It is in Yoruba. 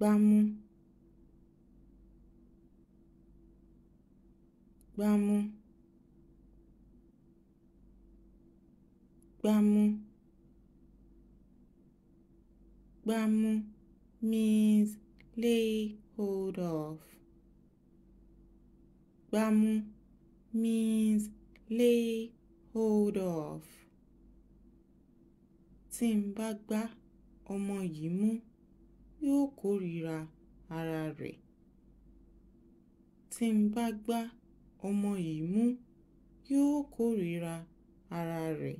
gbámú gbámú gbámú gbámú means lay hold of gbámú means lay hold of tí n bá gbá ọmọ yìí mú yóò kórìíra ara rẹ̀ tí n bá gbá ọmọ yìí mú yóò kórìíra ara rẹ̀